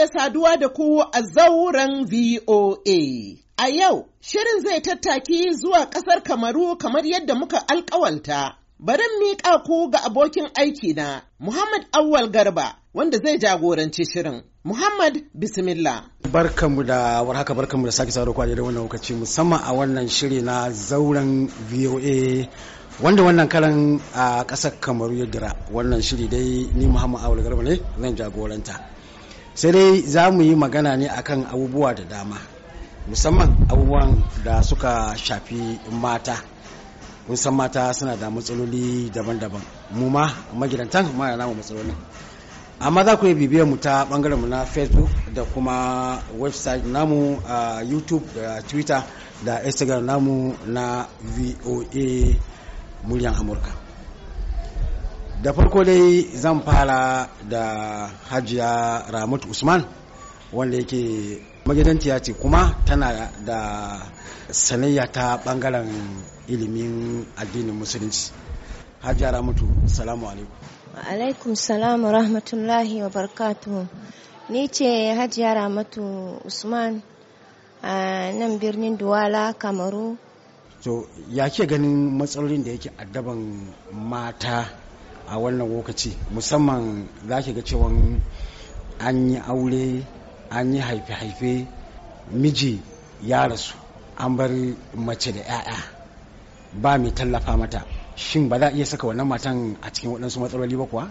da saduwa da ku a zauren VOA. A yau, shirin zai tattaki zuwa ƙasar Kamaru kamar yadda muka alkawalta. Bari miƙa ku ga abokin aikina, Muhammad Awwal Garba, wanda zai jagoranci shirin. Muhammad Bismillah. Barkanmu da warhaka barkanmu da sake sauraro kwaje da wannan lokaci musamman a wannan shiri na zauren VOA wanda wannan karan a ƙasar Kamaru ya dira. Wannan shiri dai ni Muhammad Awul Garba ne zan jagoranta. sai dai za mu yi magana ne akan abubuwa da dama musamman abubuwan da suka shafi mata kun san mata suna da matsaloli daban-daban mu ma magidantan ma da namu matsaloli amma za ku yi bibiyar mu ta bangaren mu na facebook da kuma website namu a youtube da twitter da instagram namu na voa muryan amurka da farko dai zan fara da hajiya ramut usman wanda yake magidantiya ce kuma tana da sanayya ta bangaren ilimin addinin musulunci hajiya ramutu salamu alaikum alaikum salamu rahmatullahi wa barkatu ni ce hajiya ramutu usman a nan birnin duwala kamaru to ya ke ganin matsalolin da yake addaban mata a wannan lokaci musamman za ki ga cewa an yi aure an yi haife-haife miji ya rasu an bar mace da 'ya'ya ba mai tallafa mata shin ba za a iya saka wannan matan a cikin waɗansu matsaloli ba kuwa?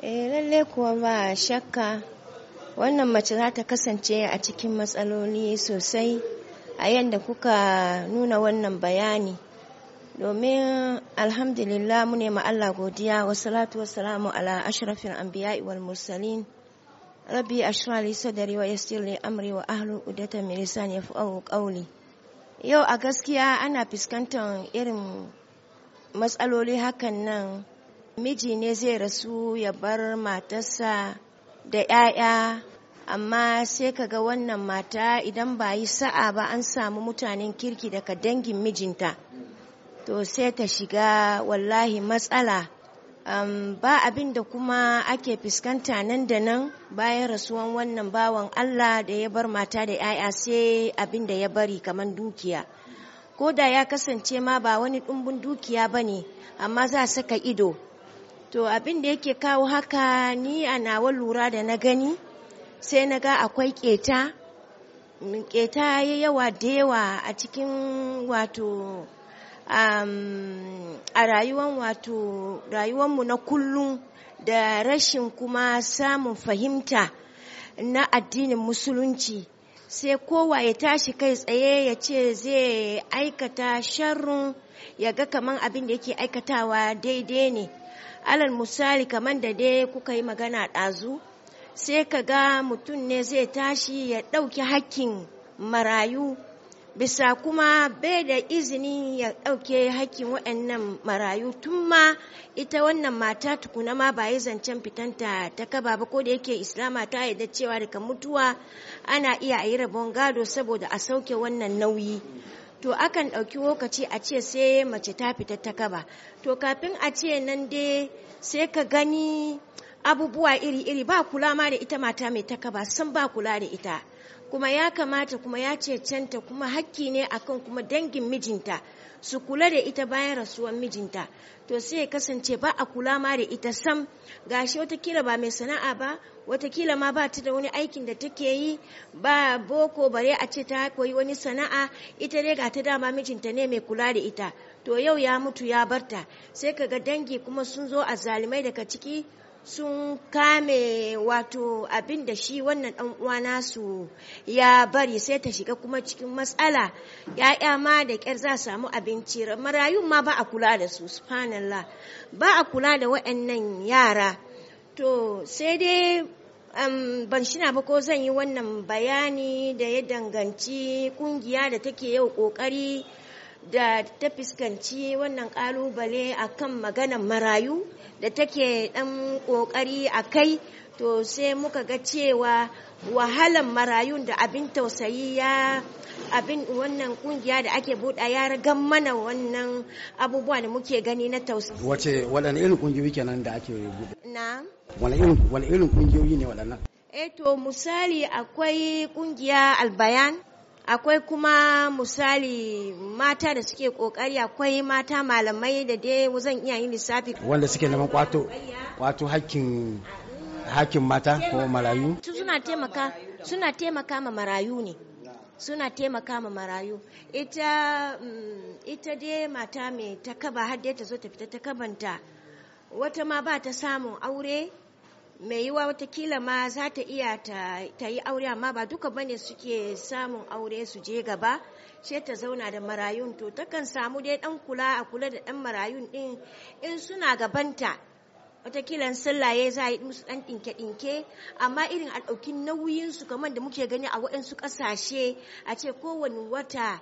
eh lalle kuwa ba shakka wannan mace za ta kasance a cikin matsaloli sosai a yadda kuka nuna wannan bayani domin alhamdulillah mu ne Allah godiya wa salatu wa salamu ala ashrafil anbiya'i wal mursalin rabbi ashrali sadari wa yassir li amri wa ahlu udatan min lisani yafqahu qawli yau a gaskiya ana fuskantar irin matsaloli hakan nan miji ne zai rasu ya bar matarsa da 'ya'ya amma sai ka ga wannan mata idan ba yi sa'a ba an samu mutanen kirki daga dangin mijinta to sai ta shiga wallahi matsala um, ba abin da kuma ake fuskanta nan da nan bayan rasuwan wannan bawan Allah da ya bar mata da 'ya'ya sai abin da ya bari kamar dukiya ko da ya kasance ma ba wani ɗumbin dukiya ba ne amma za saka ido to abin da yake kawo haka ni a nawa lura da na gani sai na ga akwai keta keta ya yawa da yawa a cikin wato a rayuwan wato mu na kullum da rashin kuma samun fahimta na addinin musulunci sai kowa ya tashi kai tsaye ya ce zai aikata sharrun ya ga kaman abin da yake aikatawa daidai ne alal misali kaman da dai kuka yi magana ɗazu sai ka ga mutum ne zai tashi ya ɗauki hakkin marayu bisa kuma bai da izini ya ɗauke hakkin waɗannan marayu tun ma ita wannan mata tukuna ma ba yi zancen fitanta ta kaba ba ko da yake islama ta yarda cewa daga mutuwa ana iya a yi rabon gado saboda a sauke wannan nauyi to akan ɗauki lokaci a ce sai mace ta fita ta kaba to kafin a ce nan dai sai ka gani abubuwa iri-iri ba kula ma da ita mata mai takaba sun ba kula da ita kuma ya kamata kuma ya cancanta kuma hakki ne akan kuma dangin mijinta su kula da ita bayan rasuwar mijinta to sai ya kasance ba a kula ma da ita sam gashi watakila ba mai sana'a ba watakila ma ba ta da wani aikin da take yi ba boko bare a ce ta koyi wani sana'a ita dai ga ta dama mijinta ne mai kula da ita to yau ya mutu ya barta sai kaga dangi kuma sun zo a zalimai daga ciki sun kame wato abin da shi wannan dan uwa nasu ya bari sai ta shiga kuma cikin matsala ya'ya ma da kyar za samu abinci marayun ma ba a kula da su subhanallah ba a kula da waɗannan yara to sai dai um, ban shina ba ko zan yi wannan bayani da ya danganci kungiya da take yau kokari da ta fuskanci wannan kalubale a kan maganar marayu da take dan kokari a kai to sai muka ga cewa wahalan marayun da abin tausayi ya abin wannan kungiya da ake buɗa ya ragan mana wannan abubuwa da muke gani na tausayi wace waɗanne irin kungiyoyi kenan da ake buɗe na wani irin kungiyoyi ne waɗannan eh to misali akwai kungiya albayan akwai kuma misali mata da suke kokari akwai mata malamai da dai zan iya yin lissafi wanda suke neman kwato kwato hakkin hakkin mata ko marayu suna taimaka suna taimaka ma marayu ne suna taimaka ma marayu ita mm, ita dai mata mai takaba har dai ta zo ta fita takabanta wata ma ba ta samun aure mai yiwa watakila ma za ta iya ta yi aure amma ba duka bane suke samun aure su je gaba ce ta zauna da marayun to takan samu dai dan kula a kula da dan marayun din in suna gabanta watakilan sallaye za a yi musu dan ɗinke-ɗinke amma irin a ɗauki nauyinsu kamar da muke gani a waɗansu ƙasashe a ce kowane wata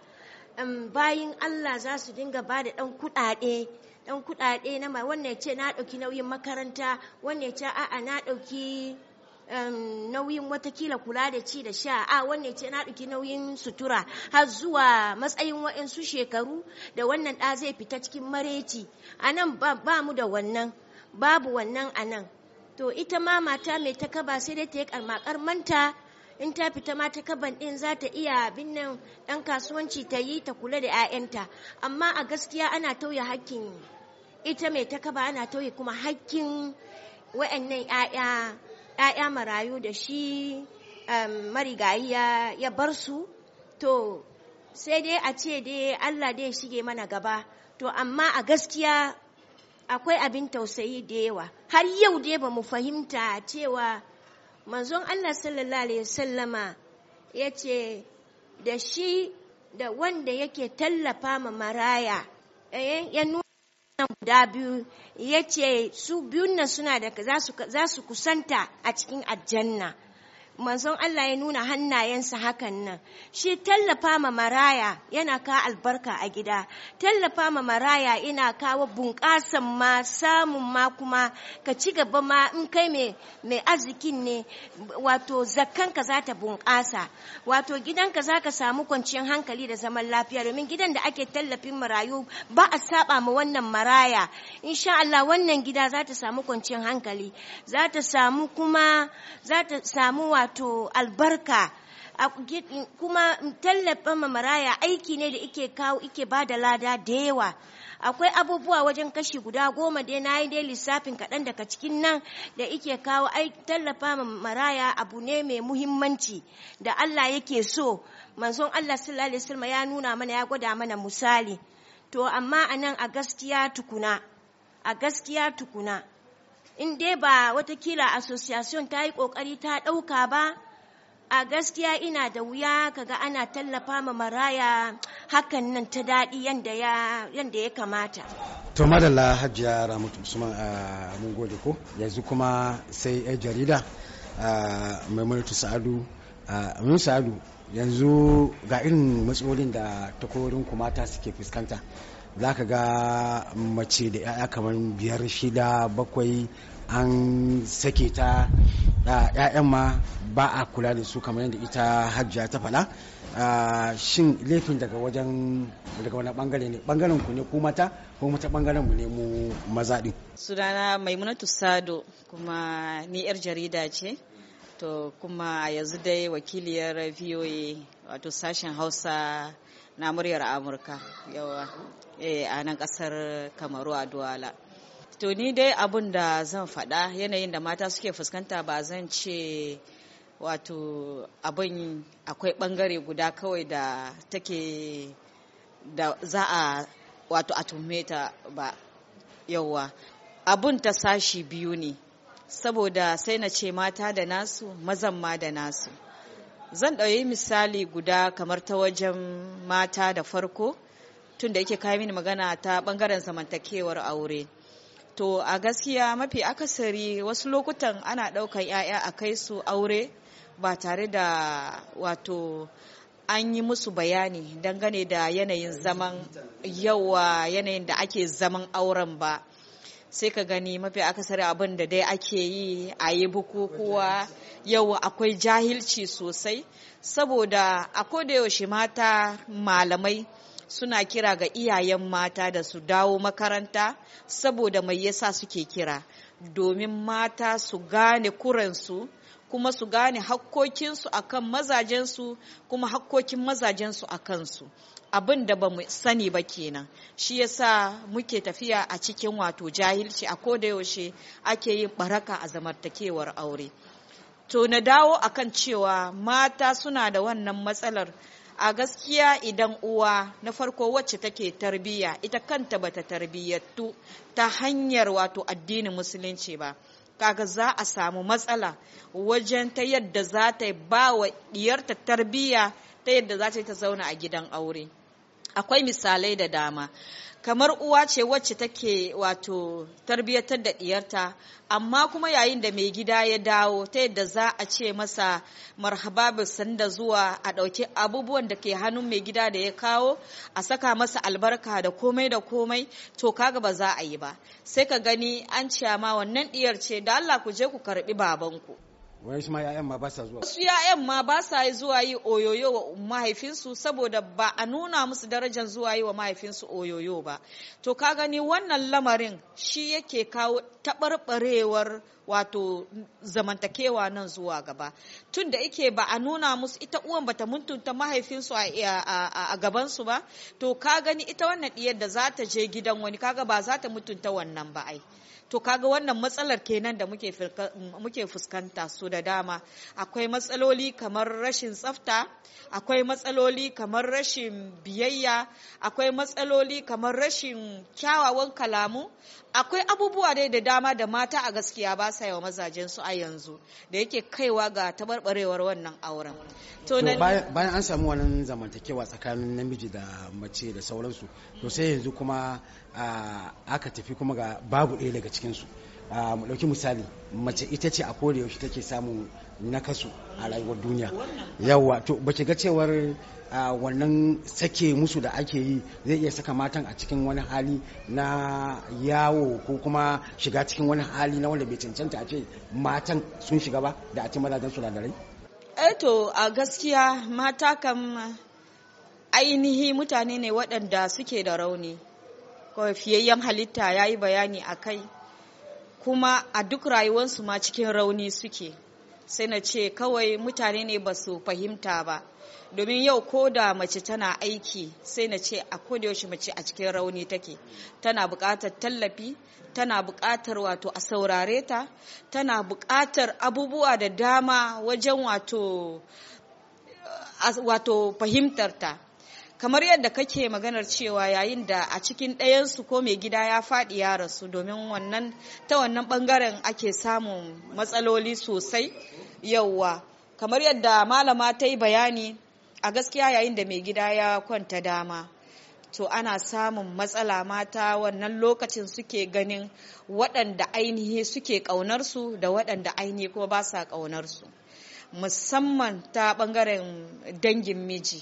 Bayan Allah za su dinga ba da ɗan kuɗaɗe ɗan kuɗaɗe na ma wannan ce na ɗauki nauyin makaranta wannan ce a'a na ɗauki nauyin watakila kula da ci da sha a wannan ce na ɗauki nauyin sutura har zuwa matsayin waɗansu shekaru da wannan ɗa zai fita cikin mareci a nan ba mu da wannan babu wannan a nan to ita ma mata mai takaba sai dai ta yi karmakar manta in ta fita ma ta kaban din za ta iya binnan nan dan kasuwanci ta yi ta kula da 'ya'yanta amma a gaskiya ana tauye hakkin ita mai ta kaba ana tauye kuma hakkin wa'annan 'ya'ya marayu da shi um, marigayi ya bar su to sai dai a ce dai Allah dai shige mana gaba to amma a gaskiya akwai abin tausayi da yawa har yau dai ba mu fahimta cewa manzon Allah sallallahu alaihi wasallama ya ce da shi da wanda yake tallafa ma maraya eh, ya nuna guda biyu yace ce su biyun nan suna da za su kusanta a cikin aljanna manzon Allah ya nuna hannayensa hakan nan shi tallafa ma maraya yana ka albarka a gida tallafa ma maraya ina kawo bunƙasan ma samun ma kuma ka ci gaba ma in kai mai arzikin ne wato ka za ta bunƙasa wato gidan ka za ka samu kwanciyar hankali da zaman lafiya domin gidan da ake tallafin marayu ba a saba ma wannan maraya insha Allah wannan gida za ta samu kwanciyar hankali za ta samu kuma za ta samu wa wato albarka kuma tallafa maraya aiki ne da ike kawo ike ba da lada da yawa akwai abubuwa wajen kashi guda goma dai na yi dai lissafin kaɗan daga cikin nan da ike kawo tallafa maraya abu ne mai muhimmanci da allah yake so manzon allah sallallahu alaihi ya nuna mana ya gwada mana misali to amma a nan a gaskiya tukuna a gaskiya tukuna in dai ba watakila association ta yi kokari ta ɗauka ba a gaskiya ina da wuya kaga ana tallafa ma maraya hakan nan ta daɗi yadda ya kamata to madalla hajiya ramatu musamman a mun gode ko yanzu kuma sai yan jarida maimunatu sa'adu mun sa'adu yanzu ga irin matsalolin da takwarorin kumata suke fuskanta za ka ga mace da 'ya'ya kamar biyar shida bakwai an sake ta ‘ya'yan ma ba a kula da su kamar yadda ita hajjiya ta fala shin laifin daga wajen daga wani bangare ne bangaren ku ne ku mata ko mata bangaren mu ne mu maza din sunana maimunatu sado kuma ni yar jarida ce to kuma yanzu dai wakiliyar voa wato sashen hausa na muryar amurka yawa eh, a nan kasar kamaru a duwala to ni dai abun da zan faɗa yanayin da mata suke fuskanta ba zan ce wato abin akwai ɓangare guda kawai da take da za a wato a ta ba yauwa abun ta sashi biyu ne saboda sai na ce mata da nasu mazan ma da nasu zan ɗauyi misali guda kamar ta wajen mata da farko tun da yake kayi mini magana ta ɓangaren zamantakewar aure to a gaskiya mafi akasari wasu lokutan ana ɗaukan 'ya'ya a kai su aure ba tare da wato an yi musu bayani dangane da yanayin zaman yawa yanayin da ake zaman auren ba sai ka gani mafi akasari abin da dai ake yi a yi bukukuwa yau akwai jahilci sosai saboda a yaushe mata malamai suna kira ga iyayen mata da su dawo makaranta saboda mai yasa suke kira domin mata su gane kuransu kuma su gane hakkokinsu a kan mazajensu kuma hakkokin mazajensu a kansu abin da ba mu sani ba kenan shi yasa muke tafiya a cikin wato jahilci a kodayaushe ake yin baraka a zamantakewar aure to na dawo akan cewa mata suna da wannan matsalar a gaskiya idan uwa na farko wacce take tarbiyya ita kanta bata tarbiyyattu ta hanyar wato addinin musulunci ba kaga za a samu matsala wajen ta yadda za ta ba wa diyarta tarbiyya ta yadda za ta ta zauna a gidan aure. akwai misalai da dama kamar uwa ce wacce take wato tarbiyyatar da diyarta amma kuma yayin da mai gida ya dawo ta yadda za a ce masa marhaba sanda zuwa a ɗauki abubuwan da ke hannun mai gida da ya kawo a saka masa albarka da komai da komai to kaga ba za a yi ba sai ka gani an ciyama wannan diyar ce da Allah ku je ku karbi babanku wasu ma ya'yan ma ba sa zuwa su ya'yan ma ba sa zuwa yi oyoyo wa mahaifinsu saboda ba a nuna musu darajar zuwa yi wa mahaifinsu oyoyo ba to ka gani wannan lamarin shi yake kawo taɓarɓarewar wato zamantakewa nan zuwa gaba tun da ike ba a nuna musu ita uwan bata mutunta mahaifinsu a gabansu ba to ka gani ita wannan ɗiyar da za ta je gidan wani kaga ba za ta mutunta wannan ba ai to kaga wannan matsalar kenan da muke fuskanta su da dama akwai matsaloli kamar rashin tsafta akwai matsaloli kamar rashin biyayya akwai matsaloli kamar rashin kyawawan kalamu akwai abubuwa dai da dama da mata a gaskiya ba sa yawa mazajen a yanzu da yake kaiwa ga tabarbarewar wannan auren to bayan an samu wannan zamantakewa tsakanin namiji da mace da sauransu to sai yanzu kuma ah, aka tafi kuma ga babu ɗaya daga cikinsu Ah, mu ɗauki misali mace ita ce a kore yaushe take samun nakasu a rayuwar duniya yawa to ba ga cewar ah, wannan sake musu da ake yi zai iya saka matan a cikin wani hali na yawo ko kuma shiga cikin wani hali na wanda bai cancanta a ce matan sun shiga ba da a ce mazajen su da eh to a gaskiya mata kam ainihi mutane ne waɗanda suke da rauni ko fiyayyen halitta ya yi bayani a kai kuma a duk rayuwarsu ma cikin rauni suke sai na ce kawai mutane ne ba su fahimta ba domin yau ko da mace tana aiki sai na ce a yaushe mace a cikin rauni take tana buƙatar tallafi tana buƙatar wato a saurare ta tana buƙatar abubuwa da dama wajen wato fahimtar ta kamar yadda kake maganar cewa yayin da a cikin ɗayansu ko mai gida ya faɗi ya rasu domin wannan ta wannan ɓangaren ake samun matsaloli sosai yauwa kamar yadda malama ta yi bayani a gaskiya yayin da mai gida ya kwanta dama to ana samun matsala mata wannan lokacin suke ganin waɗanda ainihi suke ƙaunarsu da waɗanda ainihi ko ba sa ƙaunarsu musamman ta ɓangaren dangin miji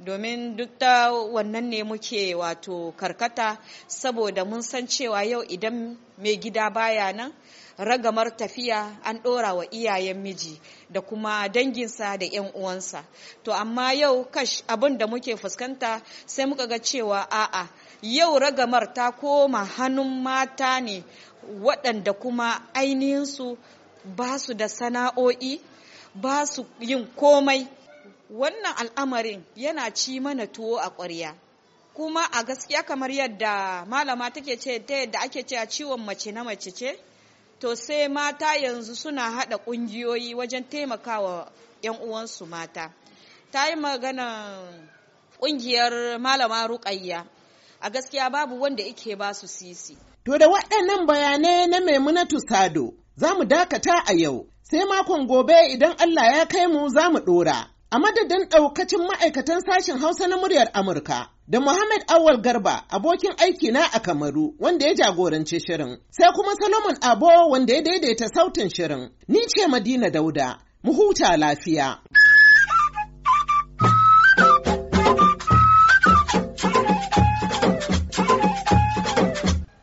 domin duk ta wannan ne muke wato karkata saboda mun san cewa yau idan mai gida baya nan ragamar tafiya an ɗora wa iyayen miji da kuma danginsa da 'yan uwansa to amma yau kash abin da muke fuskanta sai muka ga cewa a'a yau ragamar ta koma hannun mata ne waɗanda kuma ainihinsu ba su da sana'o'i ba su yin komai wannan al'amarin yana ci mana tuwo a ƙwarya kuma a gaskiya kamar yadda malama take ce ta yadda ake ce a ciwon mace na mace ce to sai mata yanzu suna haɗa ƙungiyoyi wajen taimakawa 'yan uwansu mata ta yi magana ƙungiyar malama ruƙayya a gaskiya babu wanda ike ba su sisi to da waɗannan bayanai na maimunatu sado za mu dakata a yau sai makon gobe idan allah ya kai mu za mu ɗora a madadin ɗaukacin ma'aikatan sashen Hausa na muryar Amurka. Da Muhammad Awal Garba, abokin aiki na a Kamaru, wanda ya jagoranci shirin, sai kuma Salomon Abo wanda ya daidaita sautin shirin. Ni ce Madina Dauda, mu huta lafiya.